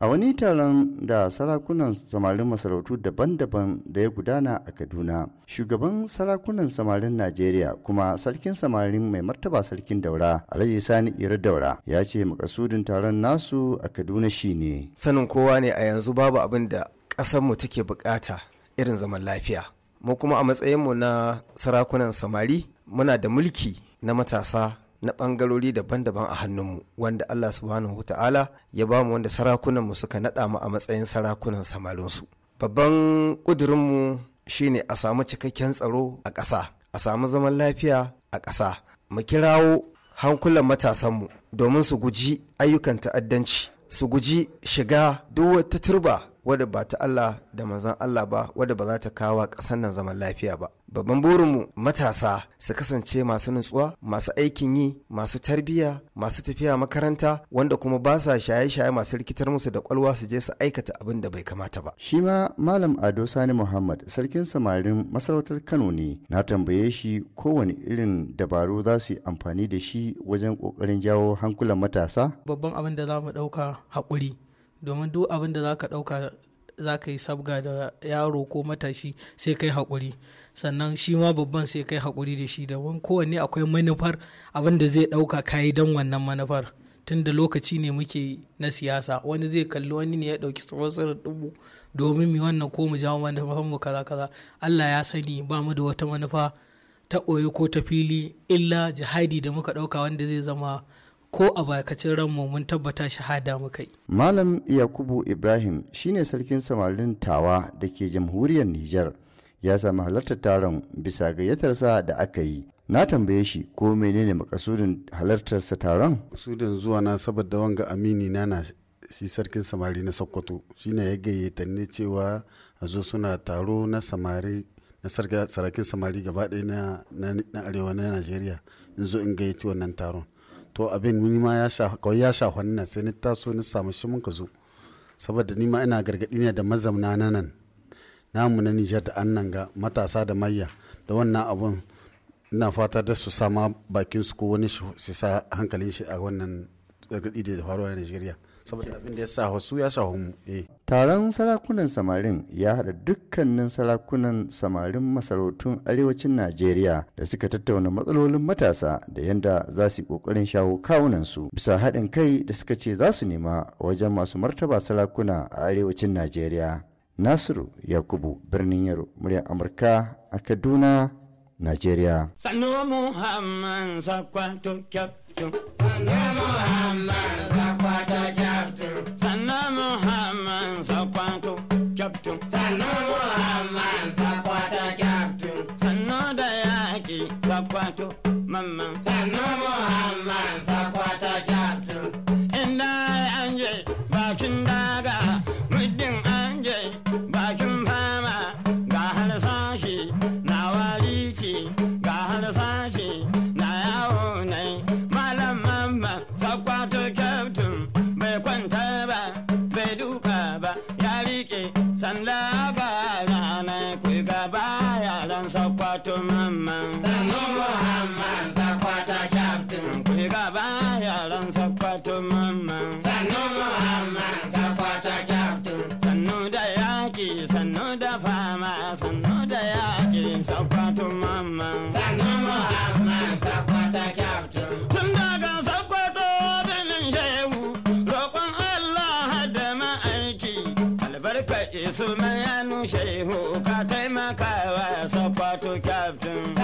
a wani taron da sarakunan samarin masarautu daban-daban da ya gudana a kaduna shugaban sarakunan samarin najeriya kuma sarkin samarin mai martaba sarkin daura alhaji sani irar daura ya ce makasudin taron nasu a kaduna shine sanin kowa ne a yanzu babu abin da ƙasarmu take bukata irin zaman lafiya mu kuma a matsayinmu na sarakunan samari muna da mulki na matasa na bangarori daban-daban a hannunmu wanda Allah subhanahu ta'ala ya ba mu wanda sarakunanmu suka naɗa mu a matsayin sarakunan samarinsu babban ƙudurinmu shine a samu cikakken tsaro a ƙasa a samu zaman lafiya a ƙasa mu kirawo hankulan matasanmu domin su guji ayyukan ta'addanci su guji shiga duk wata turba wadda ba ta Allah da manzon Allah ba wadda ba za ta kawo ƙasar nan zaman lafiya ba babban burinmu matasa su kasance masu nutsuwa masu aikin yi masu tarbiyya masu tafiya makaranta wanda kuma ba sa shaye-shaye masu rikitar musu da kwalwa su je su aikata abin da bai kamata ba shi ma malam ado sani muhammad sarkin samarin masarautar kano ne na tambaye shi kowane irin dabaru za su yi amfani da shi wajen kokarin jawo hankulan matasa babban abin da za mu ɗauka haƙuri domin duk abin da za ka za ka yi sabga da yaro ko matashi sai kai haƙuri sannan shi ma babban sai kai haƙuri da shi daban kowanne akwai manufar abin da zai ɗauka kayi don wannan manufar tun da lokaci ne muke na siyasa wani zai kalli wani ne ya ɗauki tsawon ɗinmu domin mu wannan ko mu jawo manufar mu kaza kaza Allah ya sani ba mu da wata manufa ta ɓoye ko ta fili illa jihadi da muka ɗauka wanda zai zama ko a bakacin ranmu mun tabbata shahada muka yi. Malam Yakubu Ibrahim shine sarkin samarin tawa da ke jamhuriyar Nijar ya sami halartar taron bisa gayyatarsa da aka yi. Na tambaye shi ko menene makasudin halartarsa taron? Makasudin zuwa na saboda wanga amini na na shi sarkin samari na Sokoto shine ya gayyata ne cewa a zo suna taro na samari na sarakin samari gaba ɗaya na arewa na Najeriya in zo in gayyaci wannan taron. to abin ni ma ya sha ya sha wannan sai ni taso ni samu shi mun ka zo saboda ni ma ina gargadi ne da mazauna na nan namu na Nijar da an nan ga matasa da mayya da wannan abun ina fata da su sama bakin su ko wani su sa hankalin shi a wannan gargaɗi da faruwa Najeriya saboda abin da ya sa wasu ya sa mu. Eh. Taron sarakunan samarin ya haɗa dukkanin sarakunan samarin masarautun arewacin Najeriya da suka tattauna matsalolin matasa da yadda za su yi ƙoƙarin shawo kawunansu bisa haɗin kai da suka ce za su nema wajen masu martaba sarakuna a arewacin Najeriya. Nasiru Yakubu birnin Yaro muryar Amurka a Kaduna, Najeriya. Sanu Sannu Muhammad Sakwato, mamman. Sannu Muhammad ba bai duka ba ya rike sanda ba rana ku gaba yaran sakwato mamman sanu muhammad ka isu yanu shehu ka taimaka wa sakwato kyaftin.